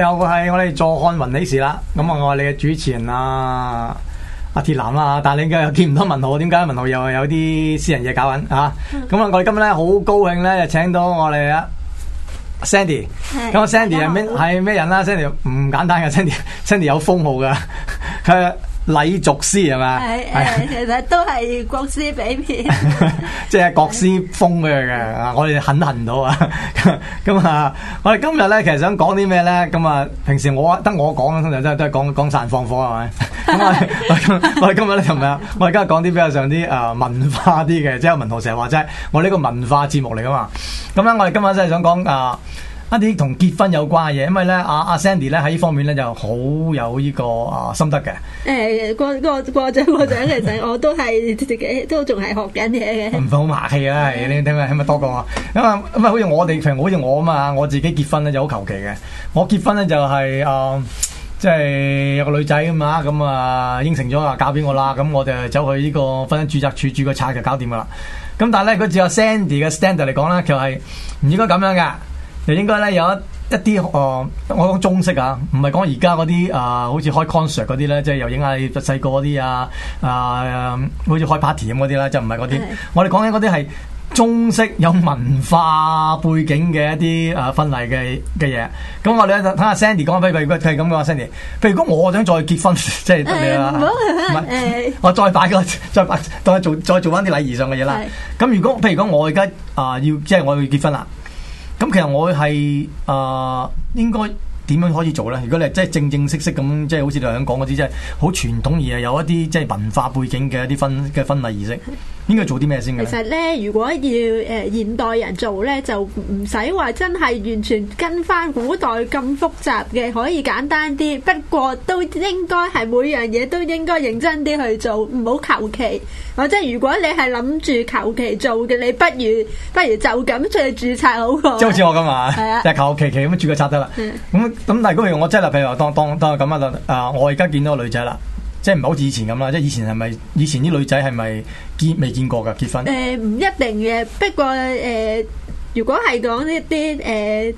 有又係我哋坐看雲起時啦，咁啊我係你嘅主持人啊阿鐵、啊、男啦、啊，但係你而家又見唔到文豪，點解文豪又有啲私人嘢搞緊 啊？咁啊我哋今日咧好高興咧，就請到我哋啊 Sandy，咁啊 Sandy 係咩人啦？Sandy 唔簡單嘅，Sandy Sandy 有封號㗎佢。禮俗師係咪？係誒，其實都係國師比片，即係國師風嗰樣嘅，我哋肯行到啊。咁啊，我哋今日咧，其實想講啲咩咧？咁、嗯、啊，平時我得我講，通常都都係講講散放火係咪？咁我我哋今日咧，咁、嗯、樣、嗯，我哋今日講啲比較上啲誒文化啲嘅，即、就、係、是、文豪成日話齋，就是、我呢個文化節目嚟㗎嘛。咁、嗯、咧、嗯嗯嗯嗯嗯，我哋今日真係想講啊。嗯一啲同結婚有關嘅嘢，因為咧，阿阿 Sandy 咧喺呢方面咧就好有呢個啊心得嘅。誒、欸，過過過獎過獎，其實我都係自己都仲係學緊嘢嘅。唔好咁客氣啦，係的你聽咪聽咪多過我咁啊，咁啊,好似我哋,譬如好似我啊嘛,我自己結婚咧就好求其嘅。我結婚咧就係、是、誒、即、呃、係、就是、有個女仔咁嘛,咁、嗯、啊應承咗話嫁俾我啦,咁、嗯、我就走去呢個婚姻注冊處註個冊就搞掂噶啦。咁、嗯、但係咧,佢照 Sandy 嘅 standard 嚟講咧,就係唔應該咁樣噶。就應該咧有一一啲哦，我講中式啊，唔係講而家嗰啲啊，好似開 concert 嗰啲咧，即係又影下你細個嗰啲啊啊，好似開 party 咁嗰啲啦，就唔係嗰啲。我哋講緊嗰啲係中式有文化背景嘅一啲誒婚禮嘅嘅嘢。咁我哋睇下 Sandy 講唔俾佢，如果係咁嘅 Sandy 譬如果我想再結婚，即係得你啦，唔係我再擺個再擺當做再做翻啲禮儀上嘅嘢啦。咁如果譬如講我而家啊要即係我要結婚啦。咁其實我係啊、呃，應該點樣可以做咧？如果你係即正正式式咁，即係好似你頭講嗰啲，即係好傳統而係有一啲即係文化背景嘅一啲婚嘅婚禮儀式，應該做啲咩先嘅？其實咧，如果要誒現代人做咧，就唔使話真係完全跟翻古代咁複雜嘅，可以簡單啲。不過都應該係每樣嘢都應該認真啲去做，唔好求其。或者如果你係諗住求其做嘅，你不如不如就咁出去註冊好過。即係好似我咁啊，係啊， 就求其其咁註個冊得啦。咁咁但係如果我即係譬如話當當當咁啊，啊我而家見到個女仔啦，即係唔係好似以前咁啦，即係以前係咪以前啲女仔係咪見未見過嘅結婚？誒唔、呃、一定嘅，不過誒、呃、如果係講一啲誒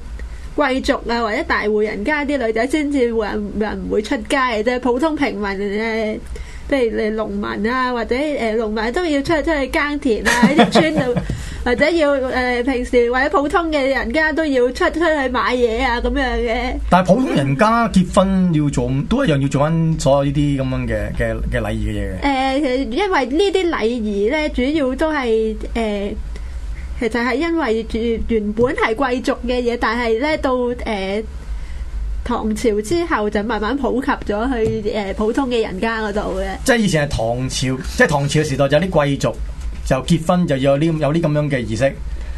貴族啊或者大戶人家啲女仔，先至會人會唔會出街？即係普通平民咧。呃即係你農民啊，或者誒農民都要出出去耕田啊，喺啲村度，或者要誒平時或者普通嘅人家都要出出去買嘢啊咁樣嘅。但係普通人家結婚要做，都一樣要做翻所有呢啲咁樣嘅嘅嘅禮儀嘅嘢。誒，因為呢啲禮儀咧，主要都係誒，其實係因為原原本係貴族嘅嘢，但係咧到誒。唐朝之後就慢慢普及咗去誒普通嘅人家嗰度嘅。即係以前係唐朝，即係唐朝嘅時代就有啲貴族就結婚就要有啲有啲咁樣嘅儀式。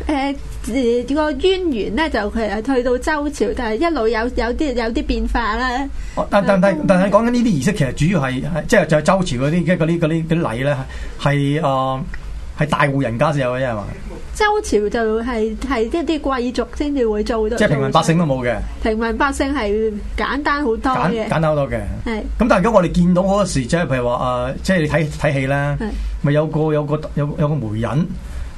誒誒個淵源咧就佢係去到周朝，但係一路有有啲有啲變化啦。但人但但但係講緊呢啲儀式，其實主要係即係就係周朝嗰啲嗰啲嗰啲嗰啲禮咧係誒係大戶人家先有嘅，係嘛？周朝就係、是、係一啲貴族先至會做到，即係平民百姓都冇嘅。平民百姓係簡單好多嘅，簡單好多嘅。係的。咁但係如果我哋見到嗰時，即係譬如話啊，即係你睇睇戲啦，咪的有個有個有個有個媒人，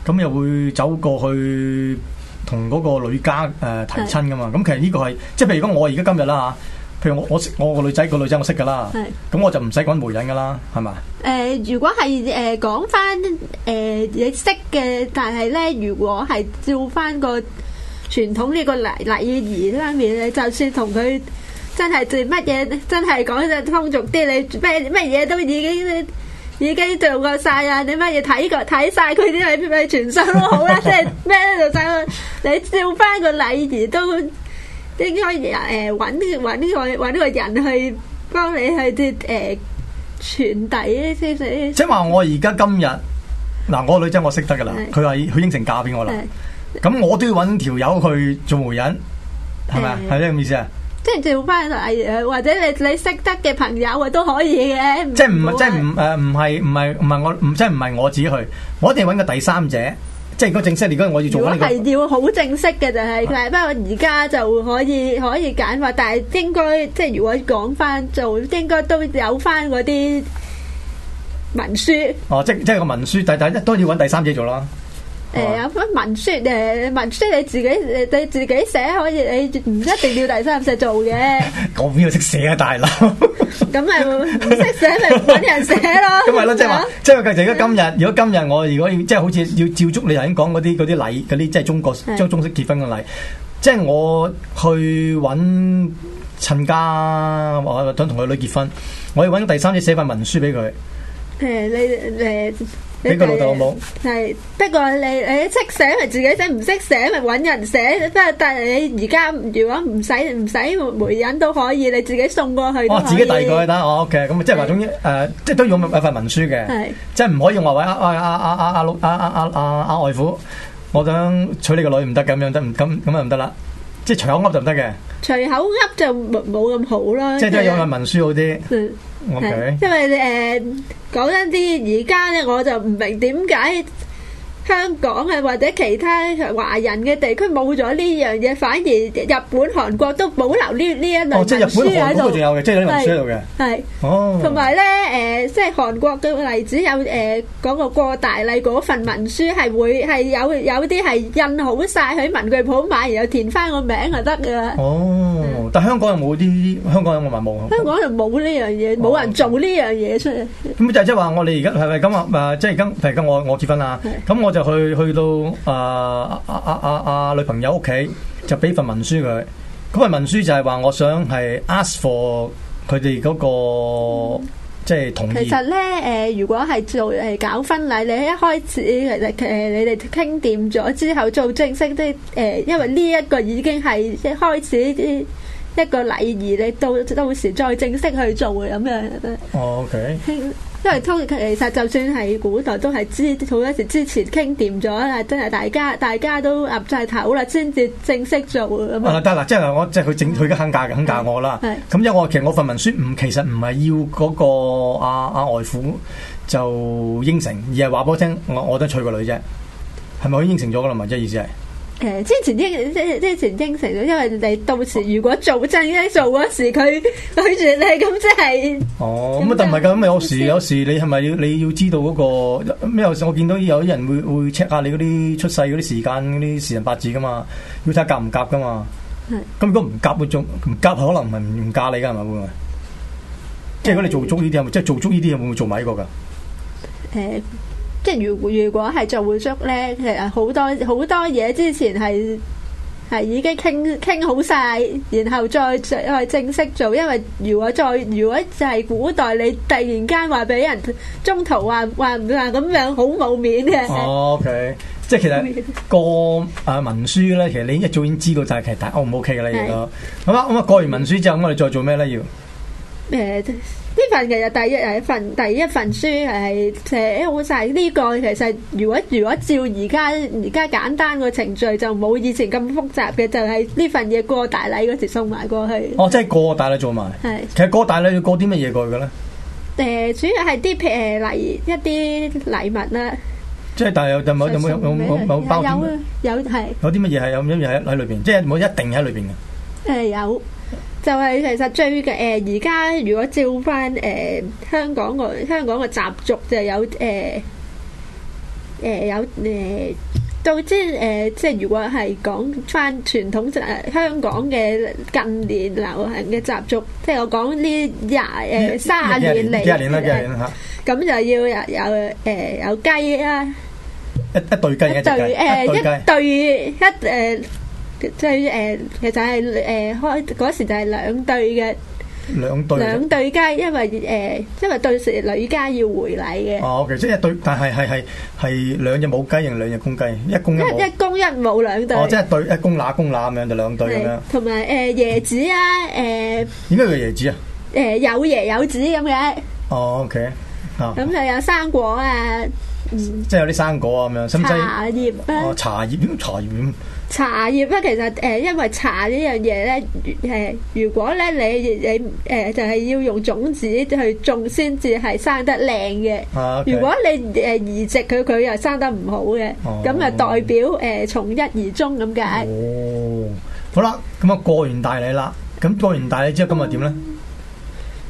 咁又會走過去同嗰個女家誒、呃、提親噶嘛。咁的其實呢個係，即係譬如講我而家今日啦吓。譬如我我我個女仔個女仔我識噶啦，咁係我就唔使講媒人噶啦，係咪？誒、呃，如果係誒、呃、講翻誒、呃、你識嘅，但係咧，如果係照翻個傳統呢個禮禮儀方面咧，就算同佢真係做乜嘢，真係講得通俗啲，你咩咩嘢都已經已經做過晒啦，你乜嘢睇過睇晒，佢啲咩咩全身都好啦，即係咩都做曬你照翻個禮儀都。應該誒揾呢個揾呢個揾呢個人去幫你去啲誒傳遞啲信息。即係話我而家今日嗱，我個女仔我識得噶啦，佢話佢應承嫁俾我啦，咁我都要揾條友去做媒人，係咪啊？係咪咁意思啊？即係做翻誒，或者你你識得嘅朋友啊都可以嘅。即係唔即係唔誒唔係唔係唔係我即係唔係我自己去，我一定要揾個第三者。即係如果正式，如果我要做，係要好正式嘅，就是，就係，佢係不過而家就可以可以揀話，但係應該即係如果講翻做，應該都有翻嗰啲文書。哦，即係即係個文書，但係但係都要揾第三者做啦。誒，有乜文書？誒，文書你自己誒，你自己寫可以，你唔一定要第三者做嘅。我邊度識寫啊，大佬？咁咪唔識寫咪揾人寫咯？咁咪咯，即係話，即係其實而家如果今日，如果今日我如果要，即係好似要照足你頭先講嗰啲嗰啲禮，嗰啲即係中國將中式結婚嘅禮，即係我去揾親家，我想同我女結婚，我要揾第三者寫份文書俾佢。誒，你誒。俾個老豆老母，係不過你你識寫咪自己寫，唔識寫咪搵人寫。即係但係你而家如果唔使唔使媒人都可以，你自己送過去。我、哦、自己遞過去得，OK。咁即係話，總之是 family.、呃、誒、即係都要有份文書嘅，即係唔可以用話喂阿阿阿阿阿阿阿阿外父，我想娶你個女唔得咁樣，得唔咁咁啊唔得啦，即係搶噏就唔得嘅。是 s 隨口噏就冇咁好啦，即係都係用下文書好啲，我覺得。因為誒講真啲，而家咧我就唔明點解。香港啊，或者其他華人嘅地區冇咗呢樣嘢，反而日本、韓國都保留呢呢一類文書喺度。哦，即係日本、韓國仲有嘅，即係呢類文書喺度嘅。係。哦。同埋咧，誒，即係韓國嘅例子有誒，講個過大禮嗰份文書係會係有有啲係印好晒喺文具鋪買，然後填翻個名就得噶啦。哦。但係香港又冇啲，香港有冇文簿啊？香港就冇呢樣嘢，冇人做呢樣嘢出嚟。咁就即係話我哋而家係咪咁話誒？即係而家譬如而家我我結婚啦，咁我。就去去到啊啊啊啊啊女朋友屋企，就俾份文書佢。嗰份文書就係話我想係 ask for 佢哋嗰個即係同意、嗯、其實咧誒、呃，如果係做係搞婚禮，你一開始其實誒你哋傾掂咗之後做正式即係誒、呃，因為呢一個已經係一開始啲一個禮儀，你到到時再正式去做咁樣。哦，OK、嗯。因為其實就算係古代都係之好多時之前傾掂咗啦，真係大家大家都合晒頭啦，先至正式做。得啦，即係、啊、我即係佢整佢而家肯嫁嘅，肯嫁我啦。咁因為我其實我份文書唔，其實唔係要嗰個阿、啊、阿、啊、外父就應承，而係話俾我聽，我我都娶個女啫，係咪我應承咗噶啦嘛？即係意思係。之前啲即係之前應承咗，因為你到時如果做真嘅、啊、做嗰時，佢對住你咁即係哦，咁啊唔係咁，咁有時有時你係咪要，你要知道嗰、嗰個咩？有時我見到有啲人會會 check 下你嗰啲出世嗰啲時間嗰啲時辰八字噶嘛，要睇夾唔夾噶嘛。咁是的 如果唔夾嘅就唔夾，夾可能唔唔嫁你噶，係咪？即係如果你做足呢啲嘢，嗯、即係做足呢啲嘢會唔會做埋、這、呢個噶？誒。嗯即係如如果係做合租咧，其實好多好多嘢之前係係已經傾傾好晒，然後再再去正式做。因為如果再如果就係古代，你突然間話俾人中途話話唔話咁樣，好冇面嘅。Oh, OK， 即係其實過啊文書咧，其實你一早已經知道就係、是、其大 O 唔、哦、OK 噶啦，而家好啊咁啊過完文書之後，我哋、嗯、再做咩咧要？誒、呃。呢份其實第一係一份，第一份書係寫好晒呢個，其實如果如果照而家而家簡單個程序就冇以前咁複雜嘅，就係呢份嘢，過大禮嗰時送埋過去哦，即係過大禮做埋係。其實過大禮要過啲乜嘢過去嘅咧？誒，主要係啲誒禮一啲禮物啦。即係但係有冇有冇有冇冇包有有係有啲乜嘢係有咁樣嘢喺裏邊？即係冇一定喺裏邊嘅誒有。就係其實最嘅誒，而家如果照翻誒香港個香港個習俗就有誒誒有誒，到之誒即係如果係講翻傳統即係香港嘅近年流行嘅習俗，即係我講呢廿誒卅年嚟，廿年啦廿年吓，咁就要有有誒有雞啦，一一對雞一對雞，誒一對一誒。即係誒，其實係誒開嗰時就係兩對嘅，兩對兩對雞，因為誒，因為對時女家要回禮嘅。哦，其實一對，但係係係係兩隻母雞定兩隻公雞，一公一母，一公一母兩對。哦，即係對一公乸公乸咁樣就兩對咁樣。同埋誒椰子啊，誒，點解叫椰子啊？誒，有椰有子咁嘅。哦，OK，啊，咁就有生果啊。即係有啲生果啊，咁樣，甚至茶葉哦，茶葉咁，茶葉咁。茶葉咧，其實誒，因為茶呢樣嘢咧，誒，如果咧你你誒，就係要用種子去種先至係生得靚嘅。啊，如果你誒移植佢，佢又生得唔好嘅，咁啊代表誒從一而終咁解。哦，好啦，咁啊過完大禮啦，咁過完大禮之後，今日點咧？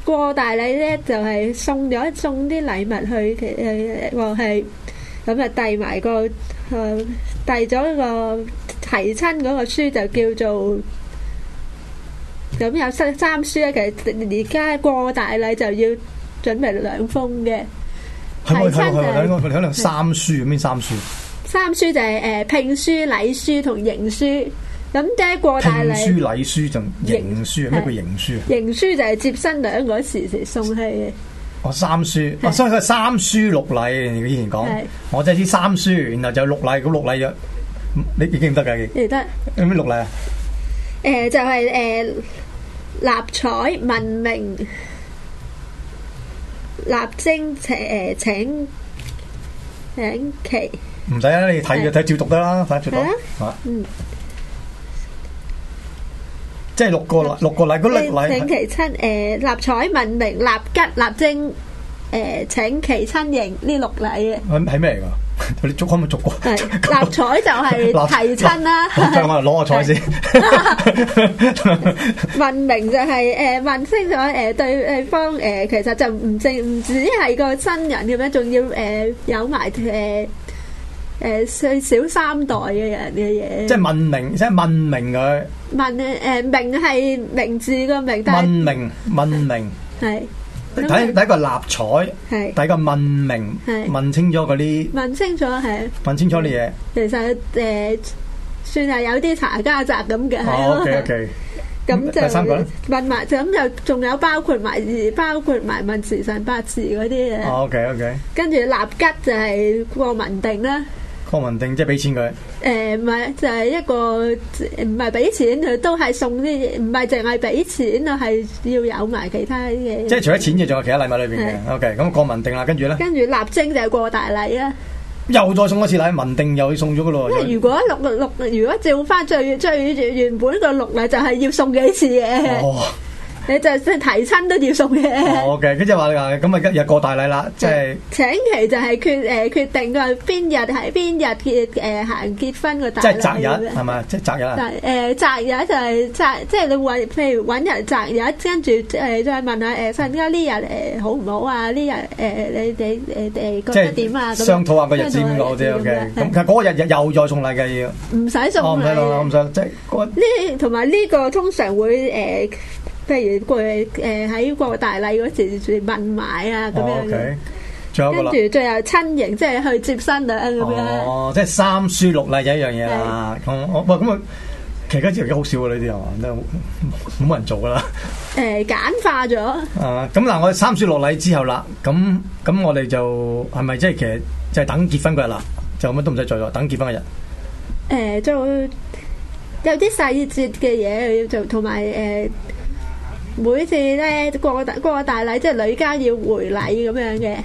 過大禮咧就係、是、送咗送啲禮物去嘅，誒，話係咁就遞埋個，誒，遞咗個提親嗰個書就叫做咁、嗯、有三三書咧，其實而家過大禮就要準備兩封嘅。吧提親啊、就是！響兩三書，邊是三書？三書就係、是、誒、呃、聘書、禮書同迎書。咁即係過大禮，聘書、禮書仲迎書係咩的叫迎書啊？迎書就係接新娘嗰時時送去嘅。哦，三書，我的、啊、所以佢係三書六禮，佢以前講，的我真係知三書，然後就六禮，咁六禮又你記唔記得噶？你記得，的你有咩六禮啊？誒、呃，就係、是、誒、呃、納采、問名，納徵、呃、請、請、請期，唔使啊，你睇嘅睇照讀得啦，快啲讀嗯。即係六個禮，六個禮，禮請其親誒、呃，納采、問名、納吉、納徵誒、呃，請期、親迎呢六禮嘅係係咩噶？你捉可唔可以逐個？納采就係提親啦立。立啊、我攞個彩先。問名就係誒問清楚誒對方誒、呃，其實就唔正唔只係個新人咁樣，仲要誒、呃、有埋誒。呃誒，最少三代嘅人嘅嘢，即係問名，即係問名佢。問誒誒，名係名字個名。問名，問名係。睇第一個立彩係，睇個問名係，問清楚嗰啲。問清楚係，問清楚啲嘢。其實誒，算係有啲查家宅咁嘅，係咯。O K O K。咁就第三個問埋，咁又仲有包括埋，包括埋問時辰八字嗰啲嘅。O K O K。跟住立吉就係過文定啦。過文定即係俾錢佢？誒唔係就係、是、一個唔係俾錢佢，都係送啲唔係淨係俾錢啊，係要有埋其他嘢。即係除咗錢嘅，仲有其他禮物裏邊嘅。是 OK，咁過文定啦，呢跟住咧。跟住立徵就係過大禮啊！又再送一次禮，文定又送咗嘅咯。因為如果六六，如果照翻最最原本個六禮，就係要送幾次嘅。哦你就即係提親都要送嘅。好嘅，跟住話咁啊，一日過大禮啦，即係請期就係決誒決定個邊日喺邊日結誒行結婚個大禮。即係擇日係咪？即係擇日。誒，擇日就係即係你話譬如搵人擇日，跟住誒再問下誒，大家呢日誒好唔好啊？呢日誒你你誒誒覺得點啊？商討下個日子好啫，O K。咁嗰日又再送禮嘅要。唔使送。我唔使送，我唔使即係。呢同埋呢個通常會誒。例如過誒喺過大禮嗰時問埋啊咁樣，跟住最後親迎即係去接新娘咁樣。哦，即係三書六禮就一樣嘢啦。欸、哦，喂，咁啊，其實而家真係好少啊呢啲係嘛，都冇人做噶啦。誒、欸，簡化咗。咁嗱、嗯，我哋三書六禮之後啦，咁咁我哋就係咪即係其實就係等結婚嗰日啦，就乜都唔使再做咗，等結婚嘅日。誒、欸，就有啲細節嘅嘢要做，同埋誒。每次咧過個大過個大禮，即係女家要回禮咁樣嘅。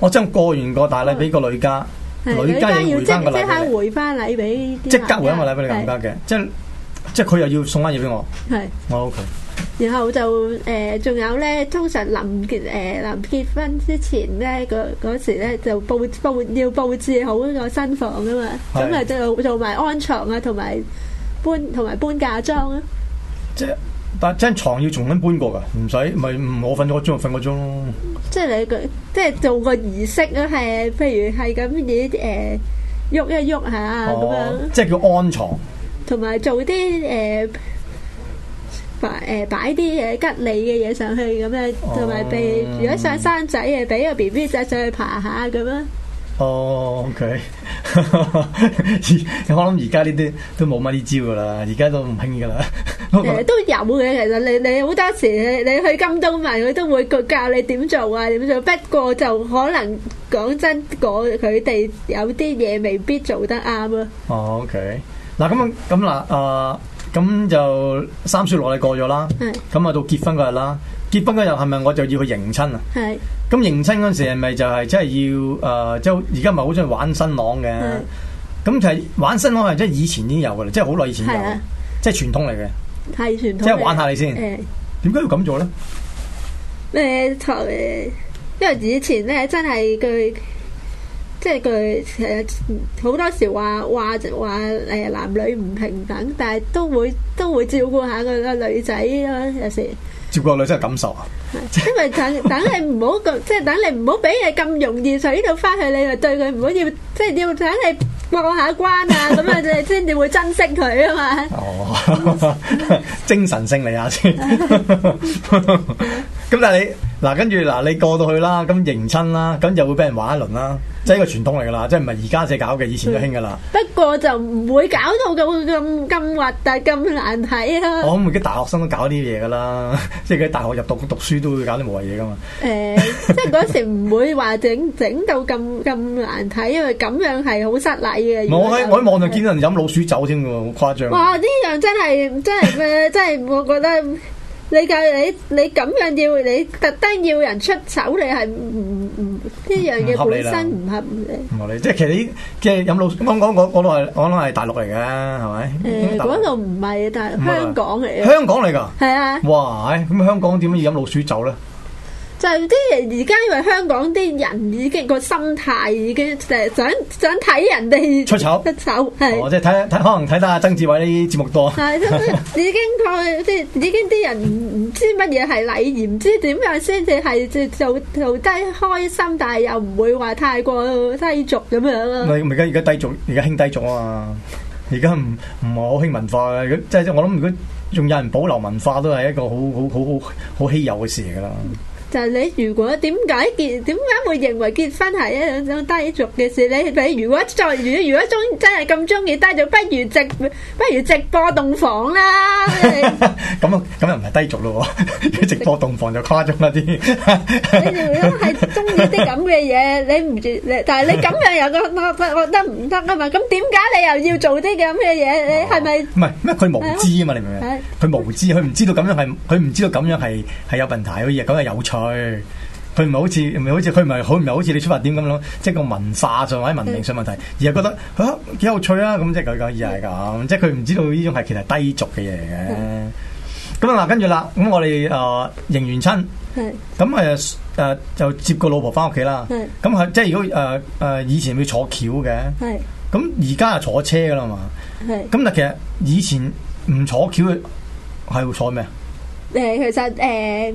我將過完個大禮俾個女家，的女家要即即的即刻回翻禮俾，即刻回翻個禮俾你咁家嘅，即係即係佢又要送翻嘢俾我。係我的 OK。然後就誒，仲、呃、有咧，通常臨結誒，臨、呃、結婚之前咧，嗰嗰時咧就布布要布置好個新房噶嘛，咁啊的，就做埋安床啊，同埋搬同埋搬嫁妝啊，即係。但張床要重新搬過噶，唔使咪我瞓咗個鐘就瞓個鐘咯。即係你個即係做個儀式咯，係，譬如係咁嘢，誒、呃，喐一喐下咁、哦、樣。即係叫安床，同埋做啲誒，擺誒擺啲嘢吉利嘅嘢上去咁樣，同埋俾如果想生仔嘅俾個 B B 仔上去爬下咁樣。哦，佢、oh, okay. 我諗而家呢啲都冇乜呢招㗎喇，而家都唔興㗎喇。誒都有嘅，其實你你好多時你去金東問佢都會教你點做啊點做，不過就可能講真，我佢哋有啲嘢未必做得啱啊。哦、oh,，OK，嗱咁咁嗱啊，咁、呃、就三説落嚟過咗啦，咁啊是到結婚嗰日啦。結婚嗰日係咪我就要去迎親啊？係是。咁迎親嗰時係咪就係真係要誒，即係而家咪好中意玩新郎嘅？咁是就係玩新郎係即係以前已經有嘅啦，即係好耐以前有。有、啊，即係傳統嚟嘅。係傳統。即係玩下你先。誒、欸。點解要咁做咧？咩？因為以前咧真係佢，即係佢係好多時話話話誒男女唔平等，但係都會都會照顧下個女仔有時。接個女真係感受啊！ 因為等等你唔好咁，即係等你唔好俾嘢咁容易上呢度翻去，你又對佢唔好要，即係要等你過下關啊，咁樣你先至會珍惜佢啊嘛！哦， 精神勝利啊！先。咁但係你嗱，跟住嗱，你過到去啦，咁迎親啦，咁又會俾人玩一輪啦，即係一個傳統嚟噶啦，即係唔係而家先搞嘅，以前都興噶啦。不過就唔會搞到咁咁咁核突咁難睇咯，啊。我諗啲大學生都搞啲嘢噶啦，即係佢喺大學入讀讀書都會搞啲冇謂嘢噶嘛。誒、欸，即係嗰時唔會話整整到咁咁難睇， 因為咁樣係好失禮嘅。我喺我喺網上見到人飲老鼠酒添喎，好誇張。哇！呢樣真係真係真係我覺得。 你教你你咁樣要你特登要人出醜，你係唔唔呢樣嘢本身唔合理。唔合， 合理，即係其實你，即係飲老鼠。香港度係嗰度係大陸嚟嘅，係咪？誒嗰度唔係，但係香港嚟。香港嚟㗎。係啊。哇！咁香港點解要飲老鼠酒咧？就啲人而家，因為香港啲人已經，個心態已經醜、哦、就係想想睇人哋出醜，出醜係。即係睇睇，可能睇得阿曾志偉啲節目多。 已經佢即係已經啲人唔知乜嘢係禮儀，唔 知點樣先至係即係做低雞開心，但係又唔會話太過低俗咁樣咯，啊。而家而家低俗，而家興低俗啊！而家唔唔係好興文化即係，就是，我諗，如果仲有人保留文化，都係一個好好好好好稀有嘅事嚟噶啦。就係你如果點解結點解會認為結婚係一種低俗嘅事？你你如果再如如果鍾真係咁鍾意低俗，不如直不如直播洞房啦！咁啊咁又唔係低俗咯喎？直播洞房就誇張啦啲。你如果係鍾意啲咁嘅嘢，你唔住你，但係你咁樣又覺覺覺得唔得啊嘛？咁點解你又要做啲嘅咁嘅嘢？你係咪？唔係咩？佢無知啊嘛？你明唔明？佢無知，佢唔知道咁樣係佢唔知道咁樣係係有問題，好似講係有錯。佢佢唔係好似唔係好似佢唔係好唔係好似你出發點咁諗，即係個文化上或者文明上問題，而係覺得吓幾、啊、有趣啊！咁即係佢講，而係咁，即係佢唔知道呢種係其實低俗嘅嘢嘅。咁啊的，嗱，跟住啦，咁我哋誒迎完親，咁誒誒就接個老婆翻屋企啦。咁的即係如果誒誒以前要坐轎嘅，咁而家就坐車噶啦嘛。咁的但其實以前唔坐轎嘅係會坐咩啊？誒，其實誒。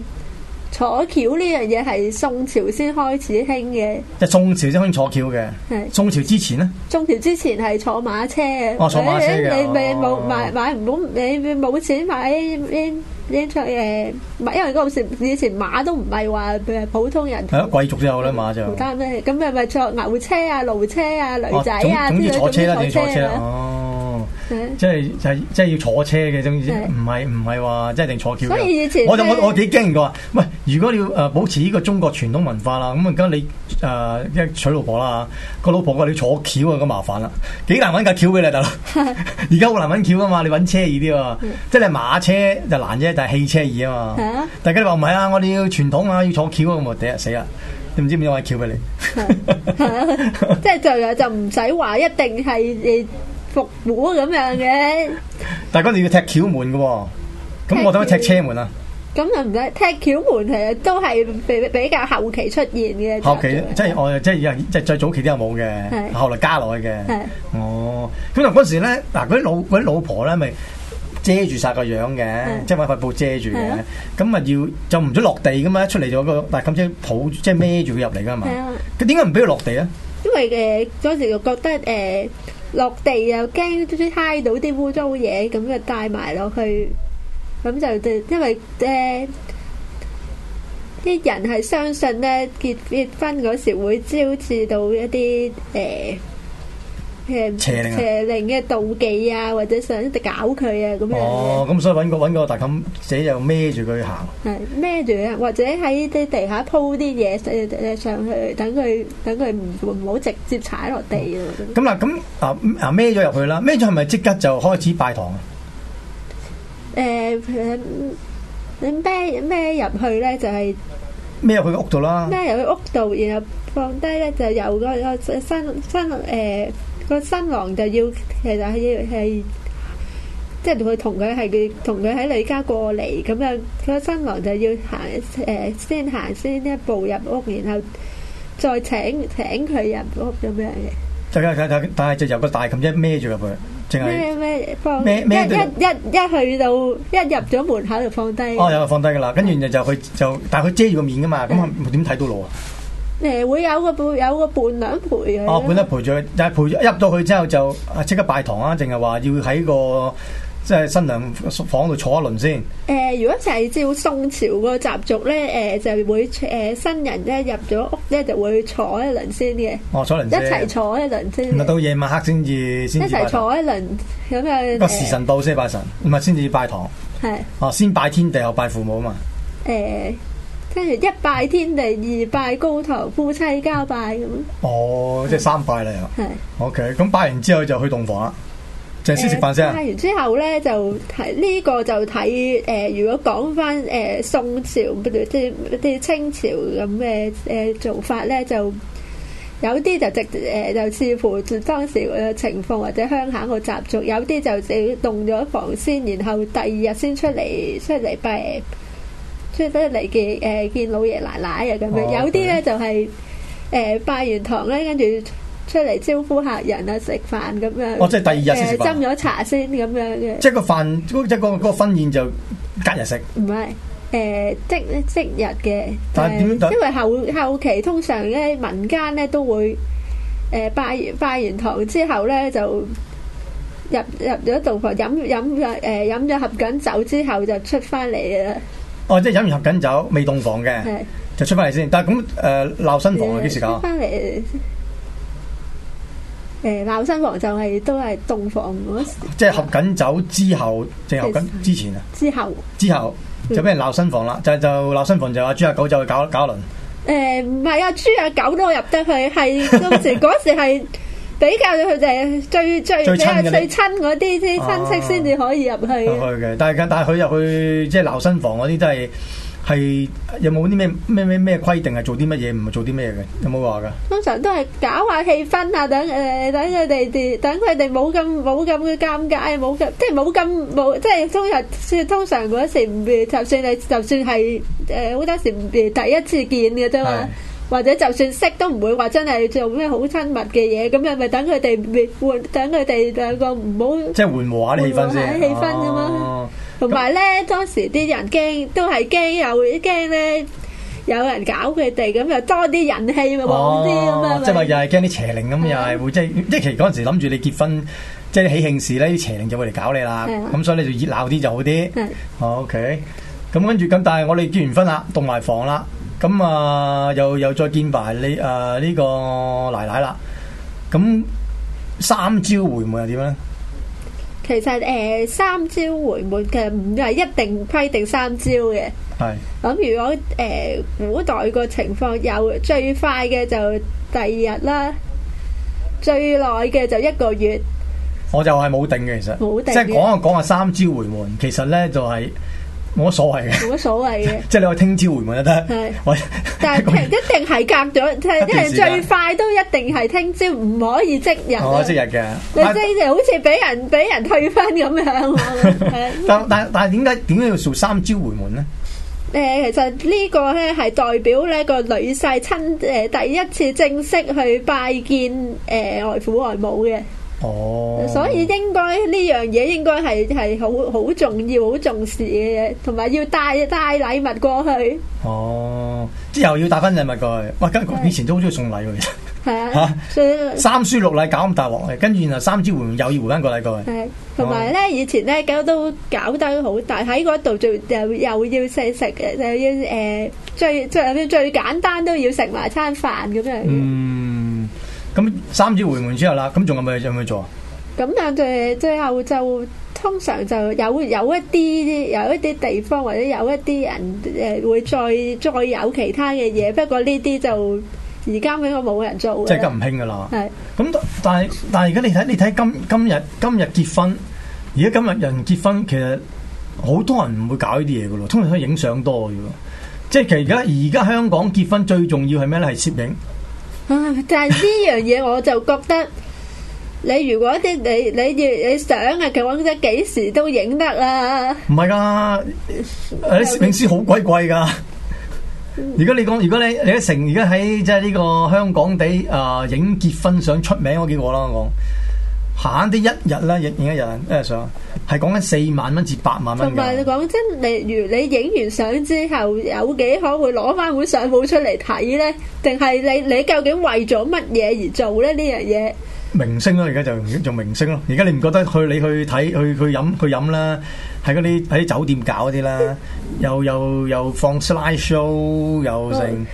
坐轎呢樣嘢係宋朝先開始興嘅，即係宋朝先興坐轎嘅。係是宋朝之前呢？宋朝之前係坐馬車啊。哦！你冇買買唔到，你冇錢買啲啲啲出，因為嗰陣時以前馬都唔係話普通人，係貴族都有啦馬就。唔單咩咁，又咪坐牛車啊、驢車啊、女仔啊？咁要、啊、坐車啦，你坐車啦。 即係就係即係要坐車嘅意思，唔係唔係話即係定坐轎。所以以前我就我我幾驚過，喂，如果你要誒保持呢個中國傳統文化啦，咁而家你誒、呃、娶老婆啦，個老婆話你要坐轎啊，咁麻煩啦，幾難搵架轎俾你得啦。而家好難搵轎啊嘛，你搵車易啲啊， 即係你馬車就難啫，但係汽車易啊嘛。大家話唔係啊，我哋要傳統啊，要坐轎啊嘛，第一死啦，你唔知邊個位轎俾你。即係 就就唔使話一定係誒。復古咁樣嘅、 喔，但係嗰陣要踢轎門嘅，咁我等佢踢車門啊。咁又唔使踢轎門，係都係比比較後期出現嘅。後期即係我、哦、即係而即係最早期都有冇嘅，的後來加落去嘅。的哦，咁啊嗰時咧嗱，嗰啲老啲老婆咧咪遮住晒個樣嘅，的即係揾塊布遮住嘅。咁咪的要就唔准落地噶嘛，一出嚟就個，但係咁即係抱即係孭住佢入嚟噶嘛。佢點解唔俾佢落地啊？因為誒嗰陣時又覺得誒。呃呃嗯呃落地又驚啲揩到啲污糟嘢，咁就帶埋落去，咁就即因為誒啲、呃、人係相信咧，結結婚嗰時會招致到一啲誒。呃邪邪靈嘅妒忌啊，或者想一直搞佢啊，咁樣。哦，咁所以搵個搵個大妗姐又孭住佢行。係孭住啊，或者喺啲地下鋪啲嘢，上上去，等佢等佢唔唔好直接踩落地啊。咁啦，咁啊啊孭咗入去啦，孭咗係咪即刻就開始拜堂啊？誒，你孭孭入去咧就係孭入去屋度啦。孭入去屋度，然後放低咧就由嗰個生生誒。個新郎就要其實係要係即係同佢同佢係佢同佢喺女家過嚟咁樣，個新郎就要行誒先行先一步入屋，然後再請請佢入屋咁樣。但係但係就由個大妗一孭住入去，淨係孭孭放，背一背一背一,一,一去到一入咗門口就放低。哦，有啊，放低噶啦，跟住、嗯、就就佢就但係佢遮住個面噶嘛，咁點睇到路啊？誒，會有個伴有個伴娘陪嘅、啊。哦，伴娘陪住，但係陪入到去之後就啊，即刻拜堂啊，定係話要喺個即係新娘房度坐一輪先？誒、呃，如果一齊照宋朝個習俗咧，誒、呃、就會誒、呃、新人咧入咗屋咧，就會坐一輪先嘅。哦，坐一輪，一齊坐一輪先。到夜晚黑先至先。一齊坐一輪咁啊個時辰到先拜神，唔係先至拜堂。係哦的、啊，先拜天地，後拜父母嘛。誒。啊嗯嗯跟住一拜天地，二拜高堂，夫妻交拜咁。哦，即係三拜啦又。係是。O K，咁拜完之後就去洞房啦，即係先食飯先。拜完之後咧就睇呢、這個就睇誒、呃，如果講翻誒宋朝，即係即清朝咁嘅誒做法咧，就有啲就直誒、呃，就似乎當時嘅情況或者鄉下個習俗，有啲就就洞咗房先，然後第二日先出嚟出嚟拜。出得嚟見誒、呃、見老爺奶奶啊咁樣，哦、有啲咧就係、是、誒對、呃、拜完堂咧，跟住出嚟招呼客人啊，食飯咁樣。哦，即係第二日先斟咗茶先咁樣嘅。即係個飯，即係個婚宴，就隔日食。唔係誒，即即日嘅。但係點解？因為後後期通常咧，民間咧都會誒、呃、拜完拜完堂之後咧，就入入咗洞房飲飲咗誒飲咗合緊酒之後，就出翻嚟啦。哦，即係飲完合緊酒，未洞房嘅，的就出翻嚟先。但係咁誒，鬧、呃、新房係幾的時搞、欸就是、啊？翻嚟，誒，鬧新房就係都係洞房時。即係合緊酒之後，即、定係、合緊之前啊？之後之後就俾人鬧新房啦的、嗯。就就鬧新房就阿豬阿狗走去搞搞一輪、欸。誒，唔係啊，豬阿狗都入得去，係當時嗰時係。 比較佢哋最最最親嗰啲啲親戚先至可以入去嘅。啊啊啊，但係但係佢入去即係鬧新房嗰啲都係，係有冇啲咩咩咩咩規定啊？做啲乜嘢唔做啲咩嘅？有冇話噶？通常都係搞下氣氛啊，等誒等佢哋等佢哋冇咁冇咁嘅尷尬，冇咁即係冇咁冇即係通常即通常嗰時，就算係就算係誒好多時第一次見嘅啫嘛。或者就算識都唔會話真係做咩好親密嘅嘢，咁又咪等佢哋換等佢哋兩個唔好即係緩和氣氛先，緩和氣氛咁嘛。同埋咧，那當時啲人驚都係驚又驚咧，有人搞佢哋，咁又多啲人氣咪好啲啊嘛。即係又係驚啲邪靈咁，又係會即係即係嗰陣時諗住你結婚，即係啲喜慶事咧，啲邪靈就會嚟搞你啦。咁的所以你就熱鬧啲就好啲。好的 OK，咁跟住咁，但係我哋結完婚啦，棟埋房啦。咁啊、嗯嗯，又又再見埋你誒，呢、呃這個奶奶啦。咁、嗯、三朝回門又點樣咧？其實誒、呃，三朝回門其實唔係一定規定三朝嘅。係是。咁、嗯、如果誒、呃、古代個情況，有最快嘅就第二日啦，最耐嘅就一個月。我就係冇定嘅，其實。冇定。即係講下講下三朝回門，其實咧就係、是。冇乜所謂嘅，冇乜所謂嘅，即係你可以聽朝回門就得。係，喂，但係一定係隔咗，即係最快都一定係聽朝，唔可以即日。即日嘅，你即係好似俾人俾人退翻，咁樣。但但但係點解點解要數三朝回門咧？誒，其實呢個咧係代表呢個女婿親誒第一次正式去拜見誒外父外母嘅。哦，所以應該呢樣嘢應該係係好好重要、好重視嘅嘢，同埋要帶帶禮物過去。哦，即係要帶翻禮物過去。哇，跟以前都好中意送禮嘅，係啊，吓、啊、以三書六禮搞咁大鑊，跟住然後三支糊糊又要回翻個禮過去。係、啊，同埋咧以前咧咁都搞得好大喺嗰度，就又，又要食食又要誒、呃、最最最簡單都要食埋餐飯咁樣。嗯。咁三次回門之後啦，咁仲有冇有冇做啊？咁但係最後就通常就有有一啲，有一啲地方或者有一啲人誒、呃、會再再有其他嘅嘢，不過呢啲就而家俾我冇人做即係咁唔興噶啦。係咁是，但係但係而家你睇你睇今今日今日結婚，而家今日人結婚其實好多人唔會搞呢啲嘢噶咯，通常都影相多嘅。即係其實而家而家香港結婚最重要係咩咧？係攝影。 但但呢樣嘢我就覺得，你如果啲你你你，你想 啊，佢講得幾時都影得啦。唔係噶，啲攝影師好鬼貴噶。如果你講，如果你李嘉誠而家喺即係呢個香港地啊、呃、影結婚相出名嗰幾個啦，我。慳啲一日啦，影影一日一日相，係講緊四萬蚊至八萬蚊。同埋講真，例如你影完相之後，有幾可會攞翻本相簿出嚟睇咧？定係你你究竟為咗乜嘢而做咧？呢樣嘢明星咯，而家就做明星咯。而家你唔覺得去你去睇去去飲去飲啦？喺嗰啲喺酒店搞嗰啲啦，又又又放 slide show 又成。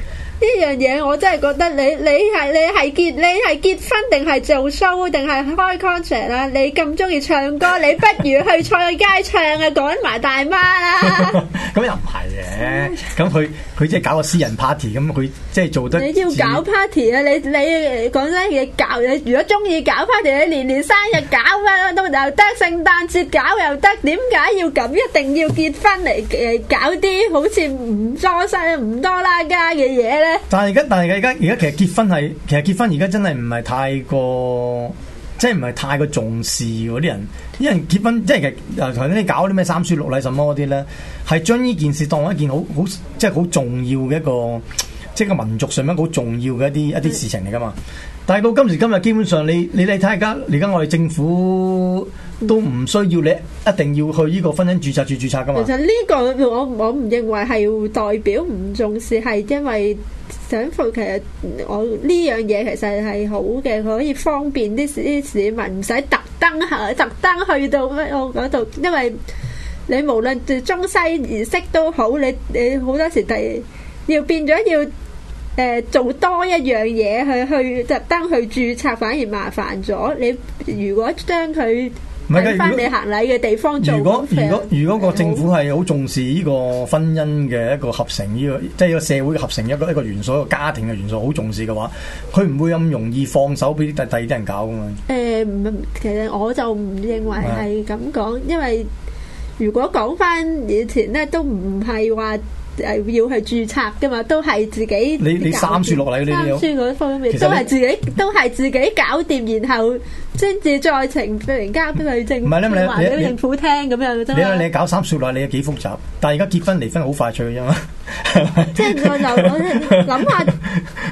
呢樣嘢，我真係覺得你你係你係結你係結婚定係做 show 定係開 concert 啦、啊？你咁中意唱歌，你不如去菜街唱啊，趕埋 大媽啦、啊！咁 又唔係。嘅，咁佢佢即係搞個私人 party，咁佢即係做得你要搞 party 啊！你你講真嘅，搞你如果中意搞 party，你年年生日搞返都又得聖誕節搞又得，點解要咁一定要結婚嚟誒搞啲好似唔裝晒唔多啦家嘅嘢咧？但係而家，但係而家而家其實結婚係，其實結婚而家真係唔係太過。即係唔係太過重視嗰啲人，啲人因為結婚即係其實頭先你搞啲咩三書六禮什麼嗰啲咧，係將呢件事當一件好好即係好重要嘅一個，即係個民族上面好重要嘅一啲一啲事情嚟噶嘛。但係到今時今日，基本上你你你睇下而家而家我哋政府都唔需要你一定要去呢個婚姻註冊處註冊噶嘛。其實呢個我我唔認為係代表唔重視，係因為。想付，其實我呢樣嘢其實係好嘅，可以方便啲啲市民，唔使特登去特登去到咩我嗰度，因為你無論中西儀式都好，你你好多時提要變咗要、呃、做多一樣嘢去去特登去註冊，反而麻煩咗。你如果將佢。唔係㗎，如果如果如果個政府係好重視依個婚姻嘅一個合成，依個即係一個社會嘅合成一個一個元素，一個家庭嘅元素好重視嘅話，佢唔會咁容易放手俾第第二啲人搞㗎嘛。誒，唔，其實我就唔認為係咁講，因為如果講翻以前咧，都唔係話誒要去註冊㗎嘛，都係自己你你三書落嚟，三書嗰方面都係自己都係自己搞掂，然後，先至再情被人家俾政府聽咁你樣，你真係你啊！你搞三說六，你有幾複雜？但係而家結婚離婚好快脆嘅啫嘛。即係我就諗下，想想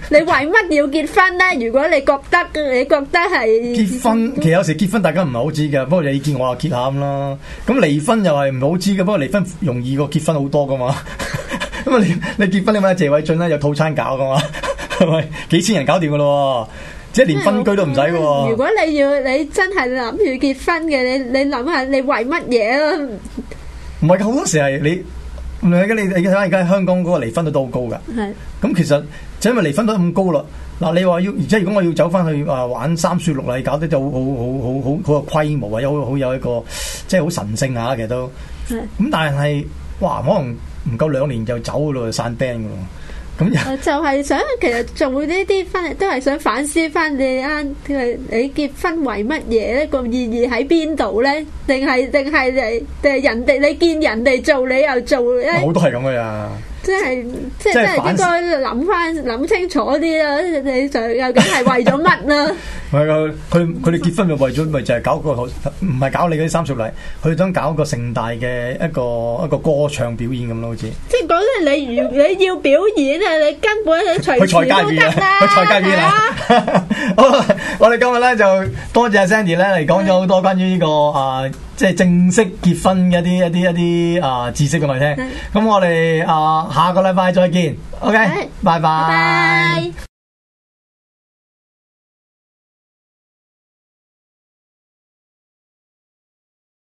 你為乜要結婚咧？如果你覺得你覺得係結婚，其實有時結婚大家唔係好知嘅。不過你見我啊結下咁啦，咁離婚又係唔好知嘅。不過離婚容易過結婚好多噶嘛。 咁啊，你你結婚你搵謝偉俊咧有套餐搞噶嘛？係咪幾千人搞掂噶咯？一連分居都唔使喎。如果你要你真係諗住結婚嘅，你你諗下你為乜嘢啊？唔係，好多時係你，你睇下而家香港嗰個離婚率都好高噶。係。咁其實就因為離婚率咁高啦，嗱，你話要，而且如果我要走翻去啊玩三書六禮，搞得就好好好好好好有規模啊，有好有一個即係好神聖、啊、其實都。咁但係，哇，可能唔夠兩年就走咯，散釘。 就係想，其實仲會呢啲翻嚟，都係想反思翻你啱，你結婚為乜嘢咧？個意義喺邊度咧？定係定係定係人哋你見人哋做，你又做？好都係咁噶呀！即係即係應該諗翻諗清楚啲啦，你想究竟係為咗乜啦？ 係佢，佢哋結婚就為咗，咪就係搞個唔係搞你嗰啲三俗禮，佢想搞個盛大嘅一個一個,一個歌唱表演咁咯，好似。即係講真，你要你要表演啊！你根本隨時都得啦。去菜街,街、啊、 好我哋今日咧就多謝阿 Sandy 咧嚟講咗好多關於呢、這個啊、呃，即係正式結婚嘅一啲一啲一啲啊知識咁咪聽。咁是我哋啊、呃、下個禮拜再見。OK，拜拜。拜拜拜拜